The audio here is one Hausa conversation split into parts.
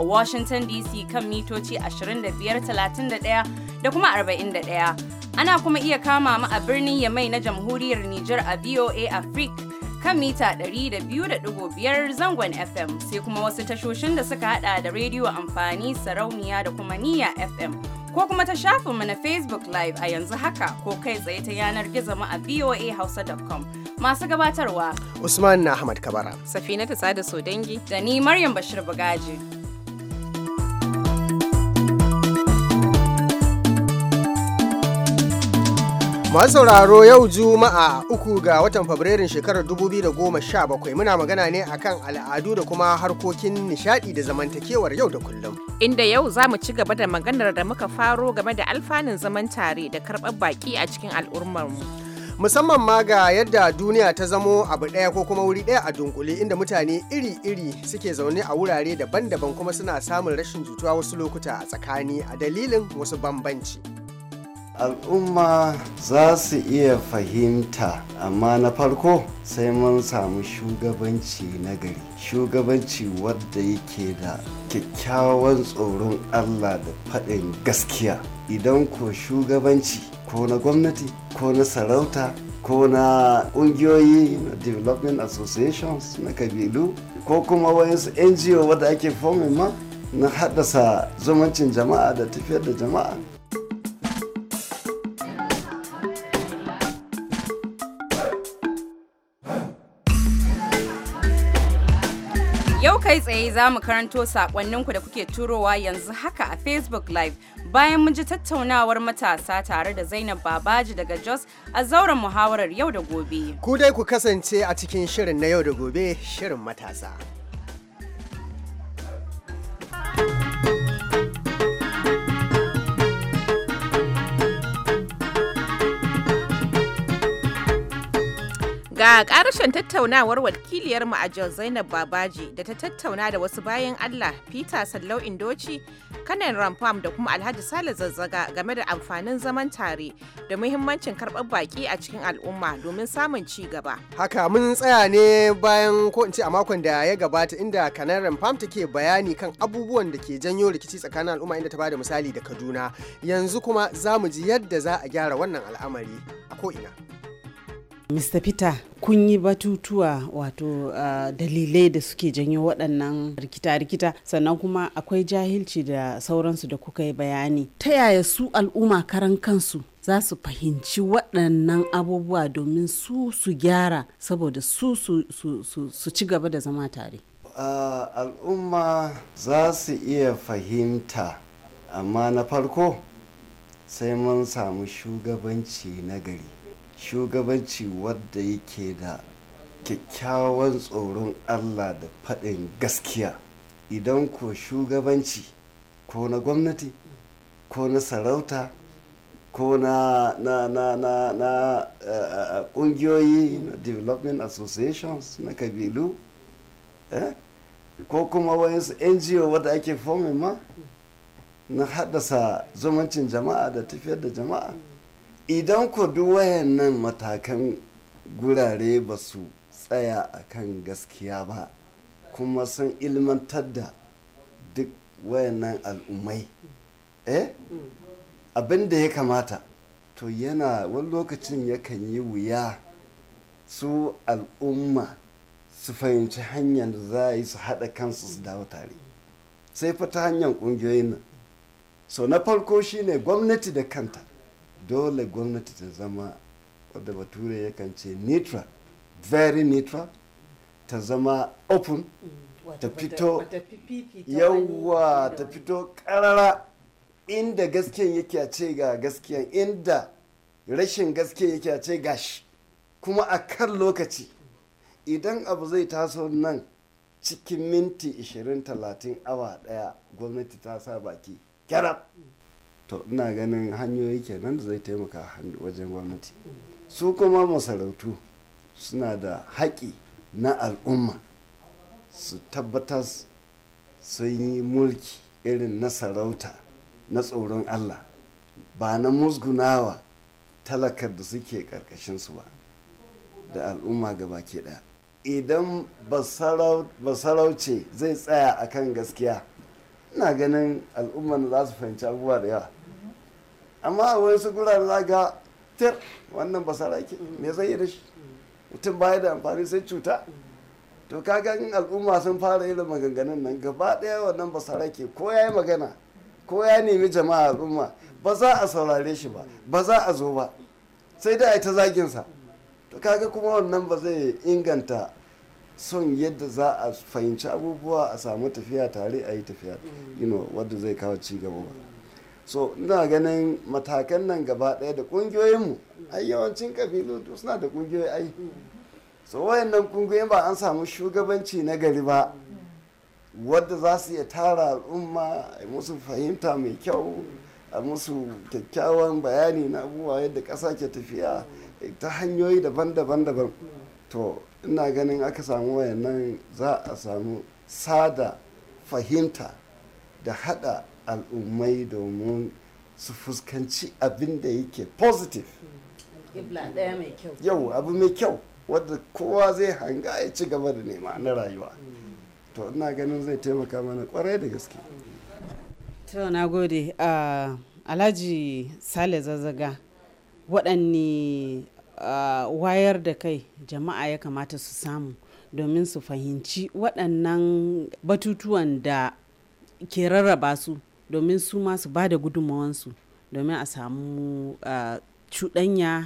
a Washington DC kan mitoci 2531 da kuma 41. Ana kuma iya kama mu a birnin Yamai na Jamhuriyar Nijar a VOA Africa kan mita 200.5 zangon FM sai kuma wasu tashoshin da suka hada da rediyo amfani sarauniya da kuma niya FM. Ko kuma ta shafinmu na Facebook Live a yanzu haka ko kai tsaye ta yanar gizo mu a voahausa.com. Masu gabatarwa. Usman na Ahmad Kabara. Safina ta sada so dangi. Da ni Maryam Bashir Bugaji. Masu sauraro yau Juma'a uku ga watan Fabrairun shekarar 2017 muna magana ne akan al'adu da kuma harkokin nishadi da zamantakewar yau da kullum. Inda yau za mu ci gaba da maganar da muka faro game da alfanun zaman tare da karɓar baƙi a cikin al'ummarmu. Musamman ma ga yadda duniya ta zamo abu ɗaya ko kuma wuri ɗaya a dunkule inda mutane iri-iri suke zaune a wurare daban-daban kuma suna samun rashin jituwa wasu lokuta a tsakani a dalilin wasu bambanci. al'umma za su iya fahimta amma na farko sai mun samu shugabanci na gari shugabanci wadda yake da kyakkyawan tsoron allah da faɗin gaskiya idan ko shugabanci ko na gwamnati ko na sarauta ko na ƙungiyoyi na development associations na kabilu ko kuma wayansu ngo wadda ake fomin ma na haddasa zumuncin jama'a da tafiyar da jama'a kai tsaye za mu karanto sakonninku da kuke turowa yanzu haka a facebook live bayan mun ji tattaunawar matasa tare da zainab babaji daga jos a zauren muhawarar yau da gobe ku dai ku kasance a cikin shirin na yau da gobe shirin matasa Ga karshen tattaunawar wakiliyarmu a Jos Zainab Babaji da ta tattauna da wasu bayan Allah Peter Sallau Indoci, Kanan ramfam da kuma Alhaji Sale Zazzaga game da amfanin zaman tare da muhimmancin karɓar baki a cikin al'umma domin samun ci gaba. Haka mun tsaya ne bayan ko in ce a makon da ya gabata inda Kanan ramfam take bayani kan abubuwan da ke janyo rikici tsakanin al'umma inda ta bada misali da Kaduna. Yanzu kuma za mu ji yadda za a gyara wannan al'amari a ko'ina. Mr. Peter, kun yi batutuwa wato uh, dalilai da suke janyo waɗannan rikita-rikita sannan kuma akwai jahilci da sauransu da kuka yi bayani. Ta yaya su al'umma karan kansu za su fahimci waɗannan abubuwa domin su su gyara saboda su su, su, su, su ci gaba da zama tare. Uh, al'umma za su iya fahimta amma na farko sai mun samu shugabanci nagari. shugabanci wadda yake da kyakkyawan tsoron allah da faɗin gaskiya idan ko shugabanci ko na gwamnati ko na sarauta ko na na na eh, eh, development associations na kabilu eh, ko kuma wayansu ngo wadda ake fomin ma na haddasa zumuncin jama'a da tafiyar da jama'a idan ku duwayen nan matakan gurare ba su tsaya a kan gaskiya ba kuma sun ilmantar da duk wayannan al'ummai eh abin da ya kamata to yana wani lokacin yakan yi wuya su al'umma su fahimci hanyar da za a yi su haɗa kansu su dawo tare sai ta hanyar ƙungiyoyin nan so na farko shine gwamnati da kanta dole gwamnati ta zama wadda bature yakan ce neutral very neutral ta zama open mm, ta fito yawwa ta fito karara inda gaskiyan yake a ce ga gaskiyan inda rashin gaske yake a ce gashi kuma a kan lokaci idan abu zai taso nan cikin minti 20-30 awa daya gwamnati ta sa baki kyarab to ina ganin hanyoyi kenan da zai taimaka wajen gwamnati su kuma masarautu suna da haƙi na al'umma su tabbatar sun yi mulki irin na sarauta na tsoron allah ba na musgunawa talakar da suke su ba da al'umma gaba ke ɗaya idan ba sarauce zai tsaya akan gaskiya ina ganin al'umma za su fahimci abubuwa da yawa amma a su gura za ga tir wannan ba sarake me zai yi da shi mutum baya da amfani sai cuta to kaga in al'umma sun fara irin maganganun nan gaba ɗaya wannan sarake ko ya yi magana ko ya nemi jama'a al'umma ba za a saurare shi ba ba za a zo ba sai dai a yi ta zaginsa to kaga kuma wannan ba zai inganta son yadda za a fahimci abubuwa a samu tafiya tare a yi tafiya know wadda zai kawo ci gaba ba so ina ganin matakan nan gaba ɗaya da ƙungiyoyinmu ai yawancin kabilu suna da ƙungiyoyi ai so wayannan ƙungiyoyin ba an samu shugabanci na gari ba wadda za su iya tara al'umma a musu fahimta mai kyau a musu kyakkyawan bayani na abubuwa yadda ƙasa ke tafiya ta hanyoyi daban-daban daban to ina ganin aka samu wayannan za a samu sada fahimta da hada al'ummai domin su fuskanci abin da yake positive yau abu mai kyau wadda kowa zai hanga ya ci gaba da nema na rayuwa to ina ganin zai taimaka mana kwarai da gaske to na gode ah, alhaji sale zazzaga waɗanne ah, wayar da kai jama'a ya kamata su samu domin su fahimci waɗannan batutuwan da ke rarraba su domin su masu ba da gudunmawansu domin a samu cuɗanya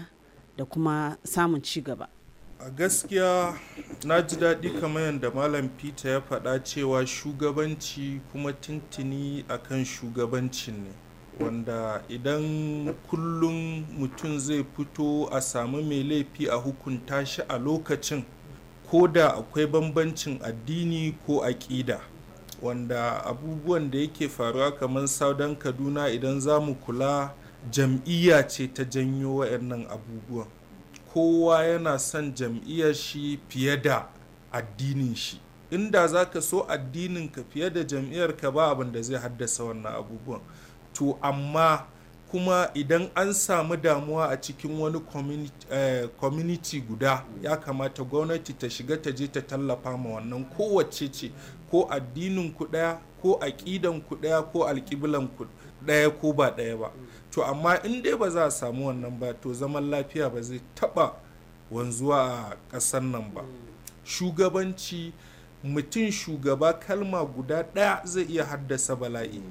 da kuma samun ci gaba a gaskiya na ji daɗi kamar yadda malam peter ya faɗa cewa shugabanci kuma tintini akan shugabancin ne wanda idan kullum mutum zai fito a samu mai laifi a hukunta shi a lokacin ko da akwai bambancin addini ko aƙida wanda abubuwan da yake faruwa kamar saudan kaduna idan za mu kula jam'iyya ce ta janyo wayannan abubuwan kowa yana son jam'iyyar shi fiye da addinin shi inda za ka so addinin ka fiye da jam'iyyar ka ba abin da zai haddasa wannan abubuwan to amma kuma idan an samu damuwa a cikin wani community eh, guda ya kamata gwamnati ta shiga ta je ta tallafa ma wannan kowace ce ko addinin ku daya ko aƙidan ku daya ko alqiblan ku daya ko ba daya ba to amma in dai ba za a samu wannan ba to zaman lafiya ba zai taɓa wanzuwa a ƙasar nan ba shugabanci mutum shugaba kalma guda ɗaya zai iya haddasa bala'i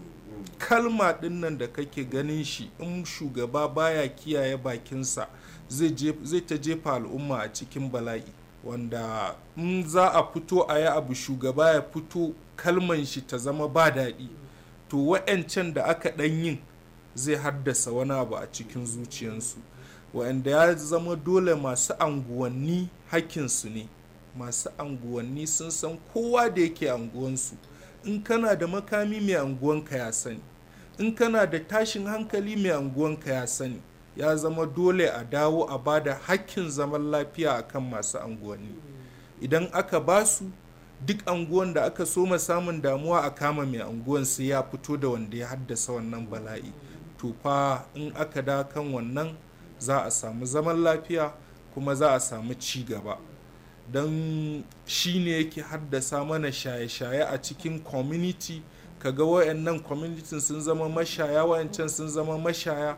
kalma ɗin nan da kake ganin shi in shugaba baya kiyaye bakinsa zai ta jefa al'umma a cikin bala'i wanda in za a fito a yi abu shugaba ya fito kalman shi ta zama ba daɗi to wa'yancan da aka ɗan yin zai haddasa wani abu a cikin zuciyansu wa'yanda ya zama dole masu anguwanni hakinsu ne masu anguwanni sun san kowa da yake anguwansu in kana da makami mai anguwanka ya sani in kana da tashin hankali mai anguwanka ya sani ya zama dole a dawo a ba da hakkin zaman lafiya a kan masu anguwanni idan aka ba su duk anguwan da aka so ma samun damuwa a kama mai anguwan sai ya fito da wanda ya haddasa wannan bala'i to fa in aka da kan wannan za a samu zaman lafiya kuma za a samu ci gaba don shi ne yake haddasa mana shaye-shaye a cikin community Ka wayan wayannan kwamitin sun zama mashaya wayancan sun zama mashaya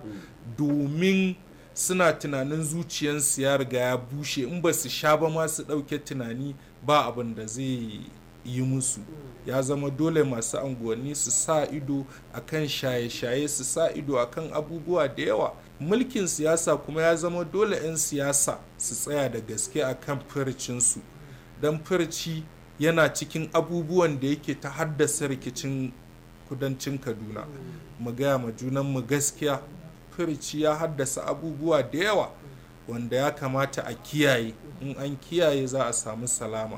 domin suna tunanin zuciyarsu ya riga ya bushe in ba su sha ba masu ɗauke tunani ba abin da zai yi musu ya zama dole masu anguwanni su sa ido a kan shaye-shaye su sa ido a kan abubuwa da yawa mulkin siyasa kuma ya zama dole 'yan siyasa su tsaya da gaske a kan firicinsu don firici yana cikin abubuwan da yake ta haddasa rikicin kudancin kaduna mu gaya ma junan mu gaskiya firici ya haddasa abubuwa da yawa wanda ya kamata a kiyaye in an kiyaye za a samu salama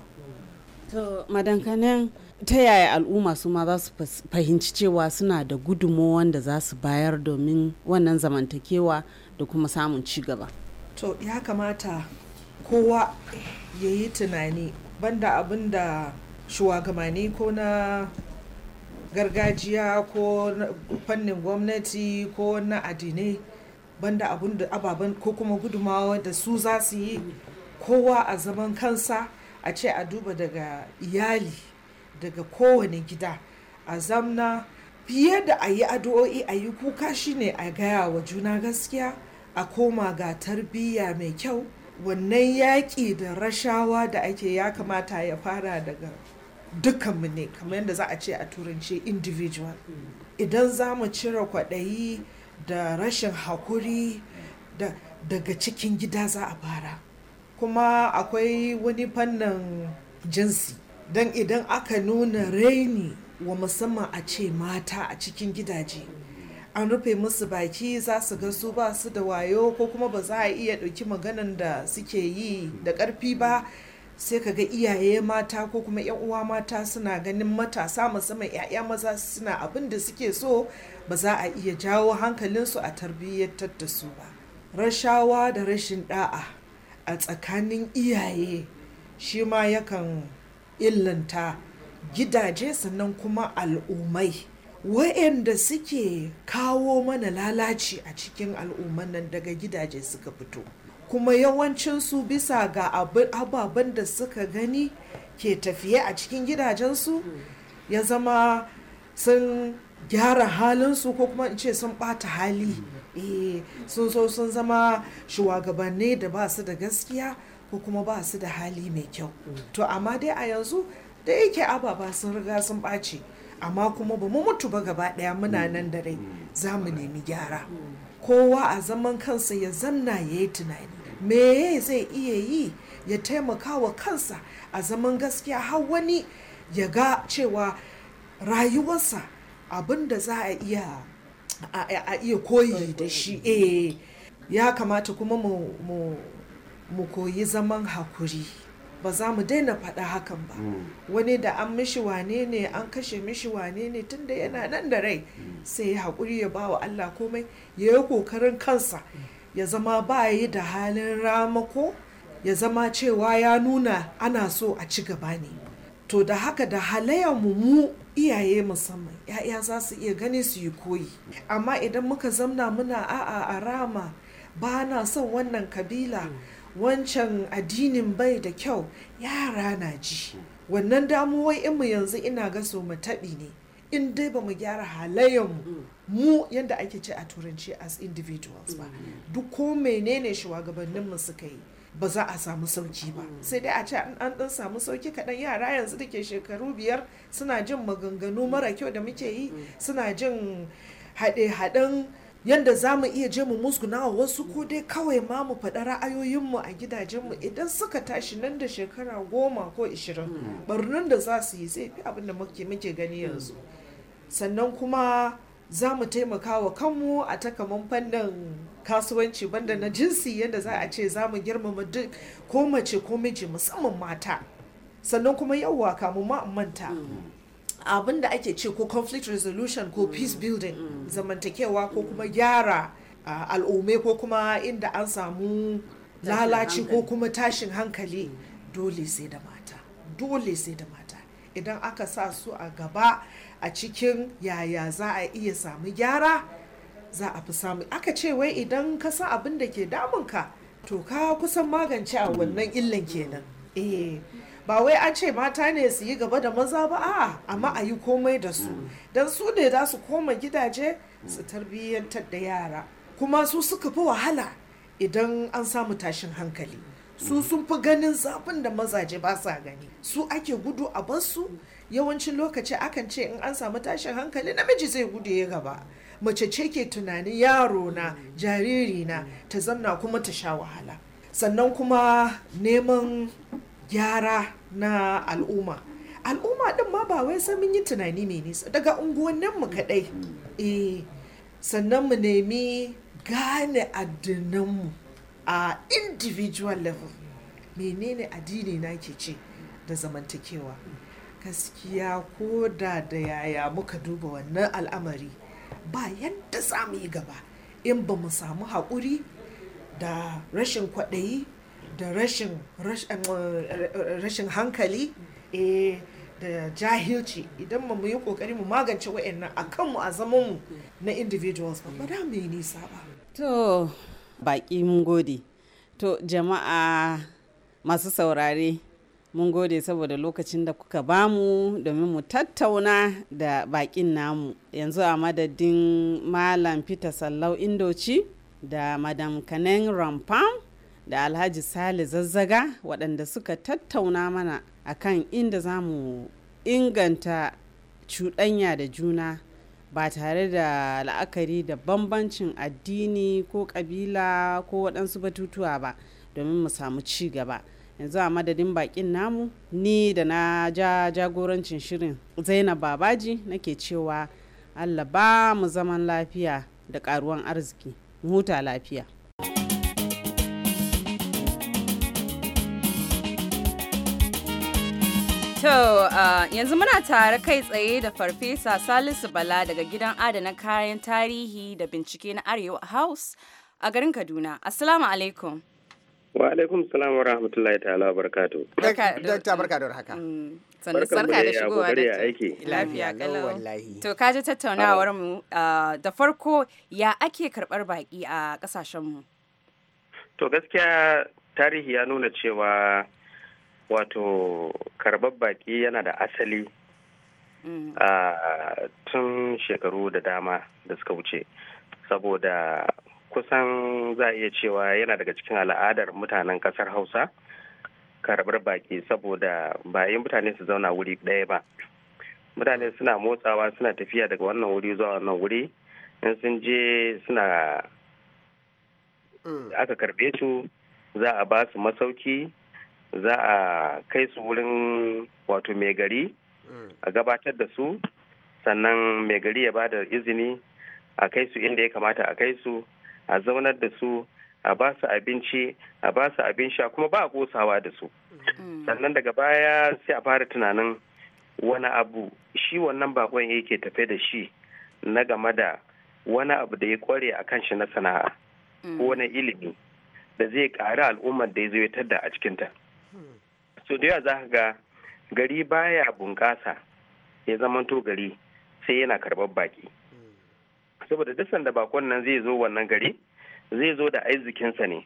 to madankanin ta yaya al'umma su ma za su fahimci cewa suna da gudumo da za su bayar domin wannan zamantakewa da kuma samun ci gaba to ya kamata kowa ya yi tunani banda abin da shugabanni ko na gargajiya ko fannin gwamnati ko na addinai banda abin da ababen ko kuma gudumawa da su za su yi kowa a zaman kansa a ce a duba daga iyali daga kowane gida a zamna fiye da a yi addu'o'i a yi kuka shine a gaya wa juna gaskiya a koma ga tarbiyya mai kyau wannan yaƙi da rashawa da ake ya kamata ya fara daga dukkanmu ne kamar yadda za a ce a turance individual idan za mu cire kwaɗayi da rashin haƙuri daga cikin gida za a fara kuma akwai wani fannin jinsi don idan aka nuna raini wa musamman a ce mata a cikin gidaje an rufe musu baki za su ga su ba su da wayo ko kuma ba za a iya ɗauki maganan da suke yi da ƙarfi ba sai ka ga iyaye mata ko kuma 'yan uwa mata suna ganin matasa musamman 'ya'ya maza suna abin da suke so ba za a iya jawo hankalinsu a tarbiyyantar da su ba rashawa da rashin da'a a tsakanin iyaye shi ma yakan illanta gidaje sannan kuma al'ummai wa'anda suke kawo mana lalaci a cikin al'umman nan daga gidaje suka fito kuma yawancinsu bisa ga ababen da suka gani ke tafiye a cikin gidajensu ya zama sun gyara halinsu ko kuma in ce sun ɓata hali eh sun so sun zama shugabanni da ba su da gaskiya ko kuma ba su da hali mai kyau to amma dai a yanzu da yake ababa sun riga sun ɓace amma kuma ba mu mutu ba gaba daya muna nan da rai mm. Mm. za mu nemi gyara mm. kowa a zaman kansa ya zanna ya yi tunani me zai iya yi ya taimaka wa kansa a zaman gaskiya har wani ya ga cewa rayuwarsa abin da za a iya a iya koyi da shi eh ya kamata kuma mu koyi zaman hakuri ba za mu daina faɗa hakan ba hmm. wani da an mishi wane ne an kashe mishi wane ne tunda yana nan da rai hmm. sai ya haƙuri ya ba wa Allah komai ya yi ƙoƙarin kansa ya zama ba yi da halin ramako ya zama cewa ya nuna ana so a ci gaba ne to da haka da halayyarmu mu mu iyaye musamman ya'ya za su iya gani su yi koyi amma idan muka zamna muna a'a a rama ba na son wannan kabila hmm. wancan addinin bai da kyau yara na ji wannan mu yanzu ina ga so mu taɓi ne in dai ba mu gyara halayen mu yadda ake ce a turanci as individuals ba duk ko menene mu suka yi ba za a samu sauki ba sai dai a ce an dan samu sauki kaɗan yara yanzu da ke shekaru biyar suna jin maganganu mara kyau da muke yi suna jin haɗe-haɗen yadda za mu iya je mu musguna wasu ko dai kawai ma mu faɗa ra'ayoyinmu a gidajenmu idan suka tashi nan da shekara goma ko ishirin hmm. barnin da za su yi zai fi abin da muke gani hmm. yanzu sannan kuma za mu taimaka wa kanmu a takamin fannin kasuwanci banda na jinsi yadda za a ce za mu girmama duk ko mace ko miji musamman mata sannan kuma yauwa kamun ma manta hmm. abin da ake ce ko conflict resolution ko mm. peace building mm. zamantakewa ko kuma gyara al'ume ko kuma inda an samu lalaci ko kuma tashin hankali mm. dole sai da mata dole sai da mata idan aka sa su a gaba a cikin yaya za a iya samu gyara za a fi samu aka ce wai idan ka san abin da ke damunka to ka kusan magance a wannan illan kenan eh ba wai an ce mata ne su yi gaba da maza ba a amma a yi komai da su don su ne za su koma gidaje su tarbiyyantar da yara kuma su suka fi wahala idan an samu tashin hankali su sun fi ganin zafin da mazaje ba sa gani su ake gudu a basu yawancin lokaci akan ce in an samu tashin hankali namiji zai gudu ya gaba mace ce ke tunanin yaro na jariri na ta zanna kuma ta sha wahala sannan kuma neman gyara na al'umma al'umma din ma ba wai sai mun yi tunani mai nisa daga unguwannin mu kadai eh sannan mu nemi gane addinan mu a individual level menene addini na ke ce da zamantakewa gaskiya ko da da yaya muka duba wannan al'amari ba yadda za mu yi gaba in ba mu samu haƙuri da rashin kwaɗayi da rashin eh, eh, rashin hankali eh, da jahilci idan mu yi kokari mu magance wa'annan a kanmu a zamanmu na individuals ba da mu yi nisa ba to baki mun gode to jama'a masu saurare mun gode saboda lokacin da kuka bamu domin mu tattauna da bakin namu yanzu a madadin malam peter sallau indoci da madam kanen rampam da alhaji sale zazzaga waɗanda suka tattauna mana akan inda za mu inganta cuɗanya da juna ba tare da la'akari da bambancin addini ko ƙabila ko waɗansu batutuwa ba domin mu samu ci gaba yanzu a madadin bakin namu ni da na ja jagorancin shirin zainab babaji nake cewa allah ba mu zaman lafiya da ƙaruwan arziki huta lafiya To, uh, yanzu muna tare kai tsaye da Farfesa Salisu Bala daga gidan adana kayan tarihi da bincike na Arewa House a garin Kaduna. Assalamu alaikum. Wa alaikum salam wa rahmatullahi ta'ala barkatu. Dakta barka da haka. Sannan sarka da mm, shigowa da aiki. Lafiya kalau. To kaji tattaunawar ah. mu uh, da farko ya ake karɓar baƙi a kasashen mu. To gaskiya tarihi ya nuna cewa wato karɓar baƙi yana da asali mm. a tun shekaru da dama da suka wuce saboda kusan za iya cewa yana daga cikin al'adar mutanen ƙasar hausa karbar baƙi saboda ba mutane su zauna wuri ɗaya ba mutane suna motsawa suna tafiya daga wannan wuri zuwa wannan wuri in sun je suna mm. aka karɓe su za a ba su masauki za a kai su wurin wato mai gari a gabatar da su sannan mai gari ya bada izini a kai su inda ya kamata a kai su a zaunar da su a ba su abinci a ba su abin sha kuma ba a gosawa da su mm. sannan daga baya sai a fara tunanin wani abu shi wannan bakon yake tafe da shi na game da wani abu da ya kware a kan shi na sana'a mm. ko na ilimi da zai ƙari al'ummar da ya zo ya tadda a cikinta. so da yawa za ka ga gari baya bunƙasa ya zamanto gari sai yana karɓar baki saboda duk sanda bakon nan zai zo wannan gari zai zo da arzikinsa ne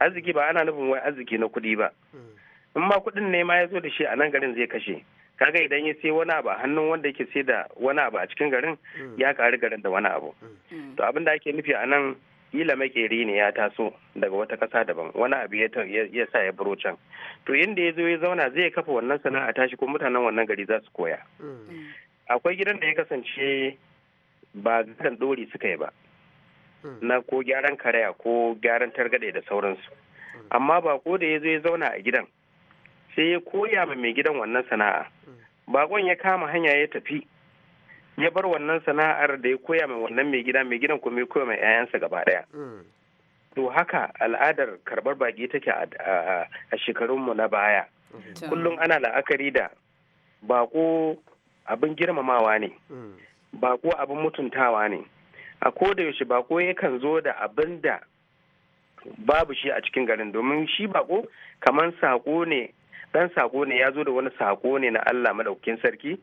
arziki ba ana nufin wai arziki na kuɗi ba in ma kuɗin ne ma ya zo da shi a nan garin zai kashe kaga idan ya sai wani abu a hannun wanda yake sai da wani abu a cikin garin ya karu garin da wani abu mm. to abin da ake nufi a nan kila makeri ne ya taso daga wata kasa daban wani abu ya sa ya buro can to inda ya zo ya zauna zai kafa wannan sana'a tashi ko mutanen wannan gari za su koya mm. akwai gidan da ya kasance ba zan dori suka yi ba mm. na ko gyaran karaya ko gyaran targade da sauransu mm. amma ba ko da ya zo ya zauna a gidan sai ya koya ma mai gidan wannan sana'a bakon ya kama hanya ya tafi ya bar wannan sana'ar da ya koya mai wannan mai gida mai gidan kuma ya koya mai 'ya'yansa gaba daya mm. to haka al'adar karbar baki take a shekarunmu na baya mm. kullum ana la'akari da bako abin girmamawa ne mm. bako abin mutuntawa ne a koda yaushe bako yakan zo da abin da babu shi a cikin garin domin shi bako kamar sako ne dan sako ne ya zo da wani sako ne na Allah madaukakin sarki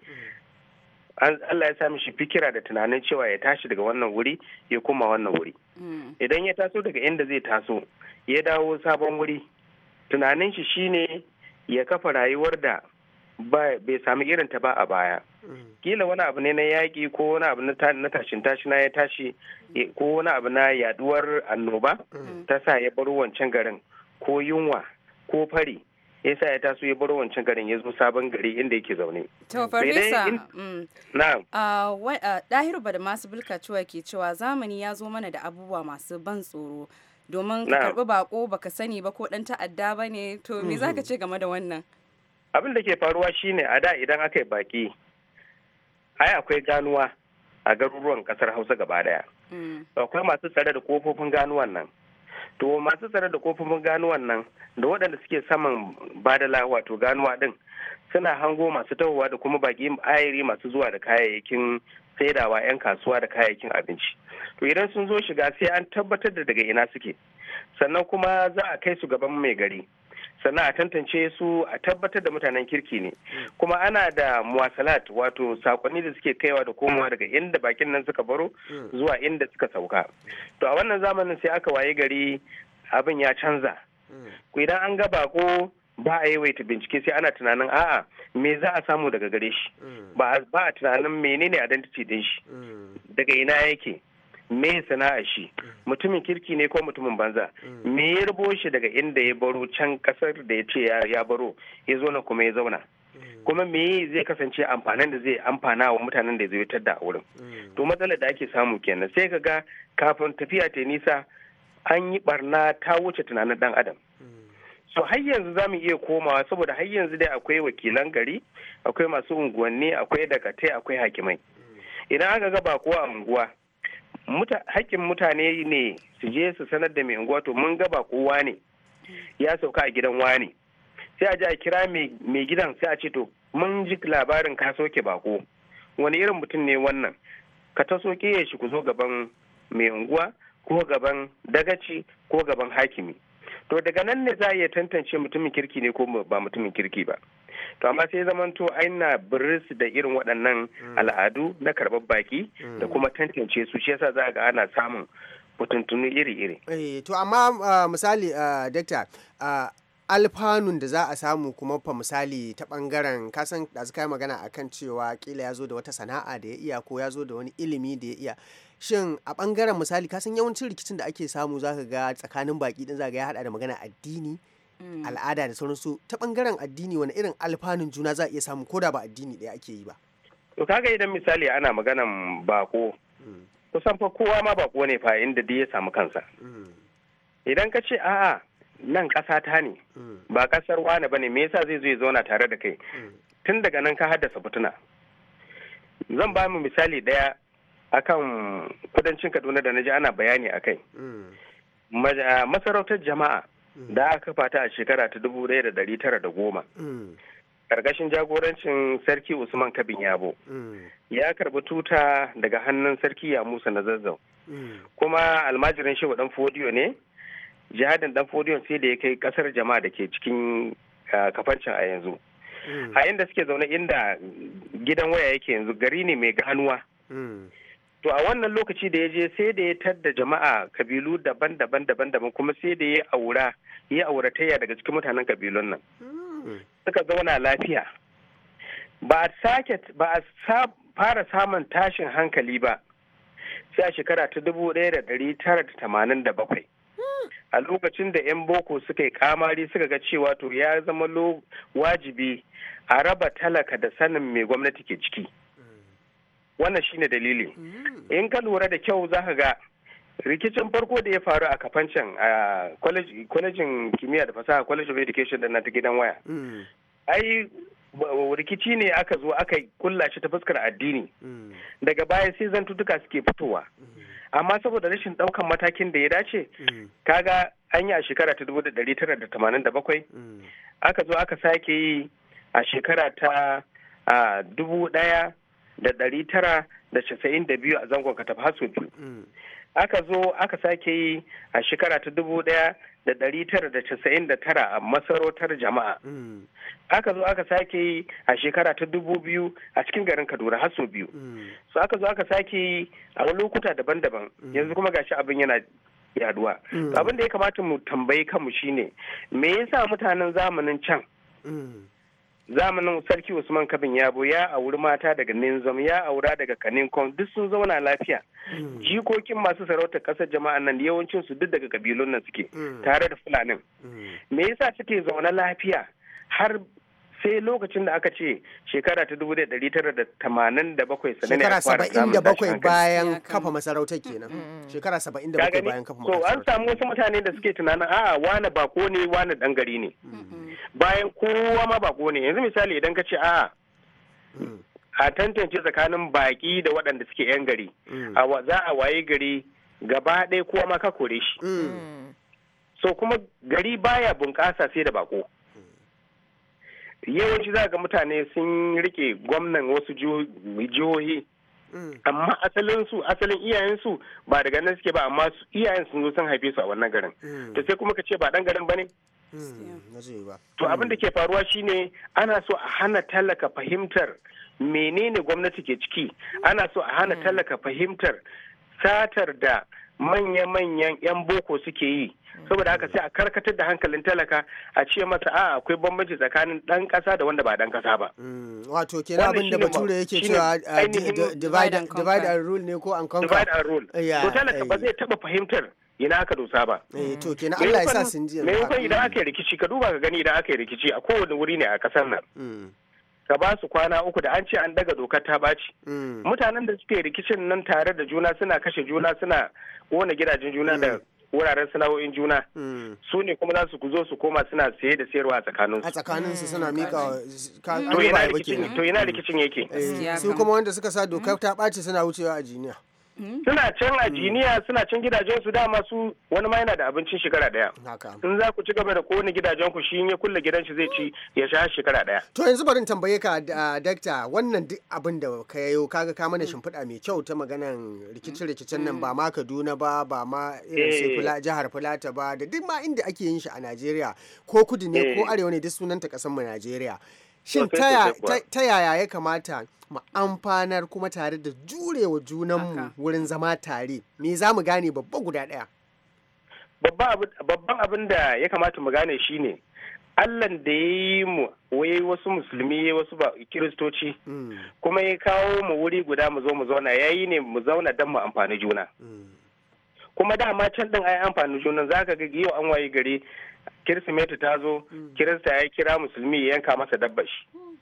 Allah ya sami shi fikira da tunanin cewa ya tashi daga wannan wuri ya kuma wannan wuri. Hmm. Idan ya taso daga inda zai taso ya dawo sabon wuri tunanin shi shine ya kafa rayuwar da bai sami irin ta ba a baya. Hmm. Kila wani abu ne na yaƙi ko wani abu na tashin tashi na ya tashi hmm. eh, ko wani abu na yaduwar annoba ta sa ya bar wancan garin ko yunwa ko fari yasa ya taso ya bar wancan garin ya zo sabon gari inda yake zaune. To Farisa, mm. uh, uh, Dahiru ba da masu bulka cewa ke cewa zamani ya zo mana da abubuwa masu ban tsoro. Domin ka karbi bako baka sani ba ko dan ta'adda ba ne, to me za mhm. ce game da wannan? Abin da ke faruwa shine a da idan aka yi baki, ai akwai ganuwa a garuruwan kasar Hausa gaba daya mm. Akwai masu tsare da kofofin ganuwan nan. to masu tsare da kofofin ganuwan nan da waɗanda suke saman badala wato ganuwa ɗin suna hango masu tahowa da kuma baƙi ayiri masu zuwa da kayayyakin saidawa 'yan kasuwa da kayayyakin abinci to idan sun zo shiga sai an tabbatar da daga ina suke sannan kuma za a kai su gaban mai gari sannan a tantance su a tabbatar da mutanen kirki ne kuma ana da muwasalat wato sakonni da suke kaiwa da komowa daga inda bakin nan suka baro zuwa inda suka sauka to a wannan zamanin sai aka waye gari abin ya canza ku idan an ga bako ba a yawaita bincike sai ana tunanin a'a me za a samu daga gare shi ba a tunanin menene identity din shi daga ina yake me sana'a shi mutumin kirki ne ko mutumin banza mm. me ya rubo shi daga inda ya baro can kasar da ya ce ya baro ya zo na kuma ya zauna mm. kuma me zai kasance amfanin da zai amfana wa mutanen da zai da a wurin mm. to matsalar da ake samu kenan sai ka ga kafin tafiya ta nisa an yi barna ta wuce tunanin dan adam so har yanzu za mu iya komawa saboda har yanzu dai akwai wakilan gari akwai masu unguwanni akwai dakatai akwai hakimai idan aka ga ba kowa a unguwa hakkin mutane ne su je su sanar da mai unguwa to mun ga kowa ne ya sauka a gidan wane sai a je a kira mai gidan sai a ce to mun ji labarin ka soke bako wani irin mutum ne wannan ka ta soke ya shi ku zo gaban mai unguwa ko gaban dagaci ko gaban hakimi to daga nan ne za a iya tantance mutumin kirki ne ko ba mutumin kirki ba to amma sai zamanto aina birris da irin waɗannan mm. al'adu na karɓar baki mm. da kuma tantance su shi yasa za ga ana samun mutuntunu iri-iri. Eh, to amma ah, misali ah, dakta ah, alfanun da za a samu kuma fa misali ta bangaren kasan da kai magana akan cewa kila ya zo da wata sana'a da ya iya ko ya zo da wani ilimi da ya iya shin a bangaren misali kasan yawancin rikicin da ake samu zaka ga tsakanin baki din zaka ya hada da magana addini Mm. al'ada da sauransu ta bangaren addini wani irin alfanun juna za a iya samu da ba addini ɗaya ake yi ba to kaga idan misali ana maganan bako mm. kusan fa kowa ma bako ne fa inda dai ya samu kansa mm. idan ka ce a'a nan ƙasa ta ne ba ƙasar wani ba ne me yasa zai zo ya zauna tare da kai tun daga nan ka haddasa fituna zan ba mu misali ɗaya akan kudancin kaduna da na ji ana bayani a kai masarautar jama'a da aka kafa ta a shekara ta dubu daya da dari tara da goma ƙarƙashin jagorancin sarki usman kabin yabo ya karɓi tuta daga hannun sarki ya musa na zazzau kuma almajirin shi ɗan fodiyo ne jihadin dan fodiyon sai da ya kai ƙasar jama'a da ke cikin kafancin a yanzu a inda suke zaune inda gidan waya yake yanzu gari ne mai ganuwa to a wannan lokaci da ya je sai da ya tadda jama'a kabilu daban-daban daban-daban kuma sai da ya aura ya tayya daga cikin mutanen kabilun nan hmm. suka zauna lafiya ba a sake ba a fara samun tashin hankali ba sai a shekara ta dubu ɗaya da ɗari tara da tamanin da bakwai hmm. a lokacin da 'yan boko suka yi kamari suka ga cewa to ya zama wajibi a raba talaka da sanin mai gwamnati ke ciki wannan shine dalili hmm. in ka lura da kyau za ka ga rikicin farko da ya faru a kafancan a kwalejin kimiyya da fasaha college of education da na ta gidan waya hmm. ai rikici ne aka zo aka kulla shi ta fuskar addini hmm. daga baya sai zantuttuka suke fitowa amma saboda rashin daukan matakin da ya dace kaga an yi a shekara ta 1987 aka zo aka sake yi a shekara ta dubu daya da ɗari tara da casa'in da biyu a zangon katafhasu biyu mm. aka zo aka sake yi a shekara ta dubu ɗaya da ɗari tara da casa'in da tara a masarautar jama'a mm. aka zo aka sake yi a shekara ta dubu biyu a cikin garin kaduna haso biyu mm. so aka zo aka sake yi a lokuta daban-daban yanzu kuma gashi abin yana yaduwa abin da ya kamata mu tambayi kanmu shine me yasa mutanen zamanin can zamanin sarki usman kafin yabo ya auri mata daga ninzam ya aura daga kaninkon duk sun zauna lafiya hmm. jikokin masu sarautar kasar jama'a nan yawancin su duk daga kabilun nan suke hmm. tare da fulanin hmm. me yasa suke zaune lafiya har sai lokacin da aka ce shekara ta 1987 sanane a fara samun bakwai mm, mm, mm. bayan kafa masarautar kenan shekara 77 bayan kafa masarautar so an samu wasu mutane da suke tunanin a'a wani bako ne wani dan ne bayan kowa ma bako ne yanzu misali idan ka ce a a tantance tsakanin baki da waɗanda suke 'yan gari mm. za a waye gari gaba ɗaya kowa ma ka kore shi mm. so kuma gari baya bunƙasa sai da bako yawanci za ga mutane sun rike gwamnan wasu jihohi mm. amma asalin su asalin iyayen su ba daga nan suke ba amma iyayen sun zo sun haife su a wannan garin to sai kuma ka ce ba dan garin bane Mm, to abin da ke faruwa shine ana so a hana tallaka fahimtar menene gwamnati ke ciki ana so a hana mm. tallaka fahimtar satar da manya-manyan 'yan boko suke yi saboda aka sai a karkatar da hankalin talaka a ce masa a akwai bambanci tsakanin dan kasa da wanda ba dan kasa ba mm, wato kenan abin da bature yake cewa uh, divide and rule ne ko an conquer divide and rule to talaka ba eh. zai taba fahimtar ina aka dosa ba. Eh, to mm. kenan Allah ya sa sun ji. Me yakan idan aka yi rikici ka duba ka gani idan aka yi rikici a kowane wuri ne a kasar nan. Mm. Ka ba su kwana uku da an ce an daga dokar ta baci. Mutanen da suke rikicin nan tare da juna suna kashe juna suna kona gidajen juna da wuraren sana'o'in juna hmm. su ne kuma za su kuzo su koma suna saye da sayarwa a tsakanin su a tsakanin su suna hmm, mika to yana rikicin yake eh, su kuma wanda suka sa dokar hmm? ta ɓaci suna wucewa a jiniya suna can a hmm. jiniya suna can gidajen su dama su wani ma yana da abincin shekara daya in za ku ci gaba da kowane gidajen ku shi ya kulle gidan shi zai ci ya sha shekara daya to yanzu barin tambaye ka dakta wannan duk abin da ka yayo kaga ka mana hmm. shimfiɗa mai kyau ta maganan rikicin rikicin nan ba hmm. ma Kaduna ba ba ma irin eh. jihar fulata ba da duk ma inda ake yin shi a Najeriya ko kudu ne ko eh. arewa ne duk sunanta kasar mu Najeriya Shin ta yaya ya kamata mu amfanar kuma tare da jurewa junanmu wurin zama tare me za mu gane babba guda ɗaya? Babban abin da ya kamata mu gane shine Allahn da ya yi mu waye wasu musulmi ya wasu ba kiristoci mm. kuma ya kawo mu wuri guda mu zo mu zauna ya yi ne mu zauna don mu amfani juna. Mm. kuma dama can ɗin ai amfani junan za ka ga yau an waye gari kirsimeti ta zo hmm. kirista ya kira musulmi ya yanka masa dabbashi hmm.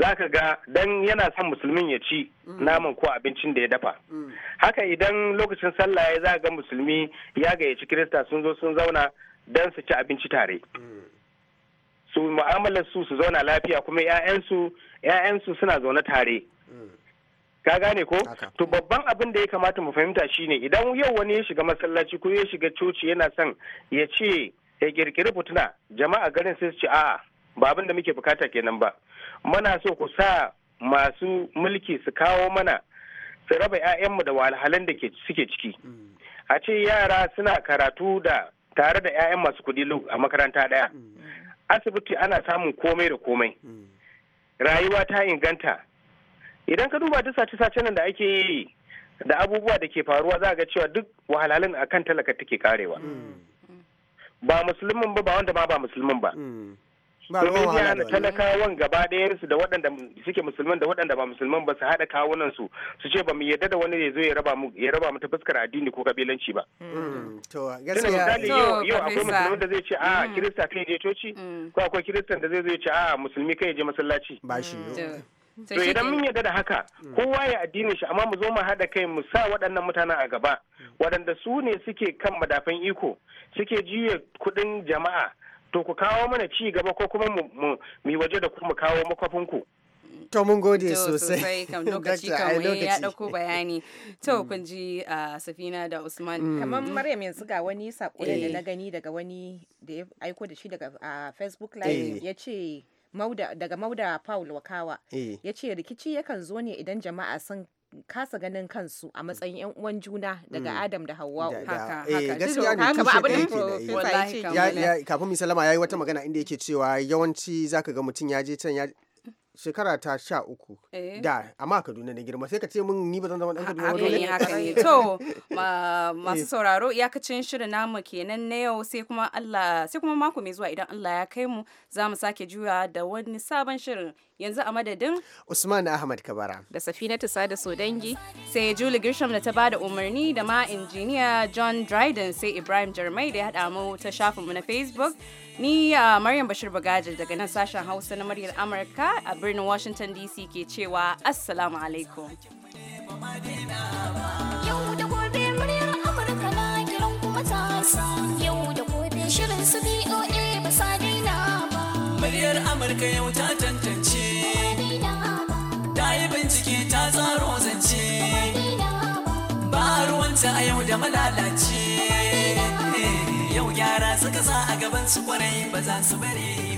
za ka ga dan yana son musulmin ya ci hmm. naman ko abincin da ya dafa haka idan lokacin sallah ya za ga musulmi ya gayyaci kirista sun zo sun zauna dan su ci abinci tare su mu'amalar su su zauna lafiya kuma 'ya'yansu suna zaune tare ka gane ko to babban abin da ya kamata mu fahimta shine idan yau wani ya shiga masallaci ko ya shiga coci yana son ya ce ya kirkiri fituna jama'a garin sai su ce a'a ba abin da muke bukata kenan ba muna so ku sa masu mulki su kawo mana su raba mu da wahalhalun da suke ciki a ce yara suna karatu da tare da 'ya'yan masu kuɗi a makaranta ɗaya mm. asibiti ana samun komai da komai mm. rayuwa ta inganta idan ka duba duk sace-sace nan da ake yi da abubuwa da ke faruwa za a ga cewa duk wahalhalun akan talaka take karewa mm. ba musulmin ba ba wanda ma ba musulmin ba mm. domin ya hana talakawan gaba ɗayansu da waɗanda suke musulman da waɗanda ba musulman ba su haɗa kawunan su su ce ba mu yarda da wani ya zo ya raba mu ya raba mu ta fuskar addini ko kabilanci ba. Mm. To gaskiya yau yau akwai musulmin da zai ce a kirista kai je coci ko akwai kiristan da zai zo ya ce a musulmi kai je masallaci. Ba shi. to idan mun yarda da haka mm. kowa ya addinin shi amma mu zo mu haɗa kai mu sa waɗannan mutanen a gaba mm. waɗanda su ne suke kan madafan iko suke jiye kuɗin jama'a to ku kawo mana ci gaba ko kuma mu mu waje da ku mu kawo makwafin To mun gode sosai. kam lokaci kan ya dauko bayani. To mm. kun ji Safina da Usman. Kamar Maryam yanzu ga wani sako da eh. na gani daga wani da ya aiko da shi daga Facebook live eh. ya ce daga Mauda Paul Wakawa eh. ya ce rikici yakan zo ne idan jama'a sun kasa ganin kansu a matsayin yan uwan juna daga mm. Adam da hawa haka eh, haka gaskiya ne da eh. kafin salama yayi wata magana inda yake cewa yawanci zaka ga mutum ya je can shekara ta sha uku eh? da amma kaduna na girma sai ka ce mun ni ba zan zama dan kaduna ba ne eh, haka ne to eh. masu sauraro iyakacin shirin namu kenan na yau sai kuma Allah sai kuma mako mai zuwa idan Allah ya kai mu za mu sake juya da wani sabon shirin yanzu a madadin Usman Ahmad Kabara da Safina Tusa da Sodangi sai Julie Grisham da ta ba da umarni da ma injiniya John Dryden sai Ibrahim Jarmai da ya haɗa mu ta shafinmu na Facebook ni a Maryam Bashir Bagaji daga nan sashen Hausa na muryar Amurka a birnin Washington DC ke cewa Assalamu alaikum. Yau da gobe Amurka na kiran yau da gobe shirin su BOA ba sa daina ba. Muryar Amurka yau ta tantance. ta tsaro ba ruwanta a yau da malalace eh, yau gyara suka sa a gaban su kwarai ba za su bari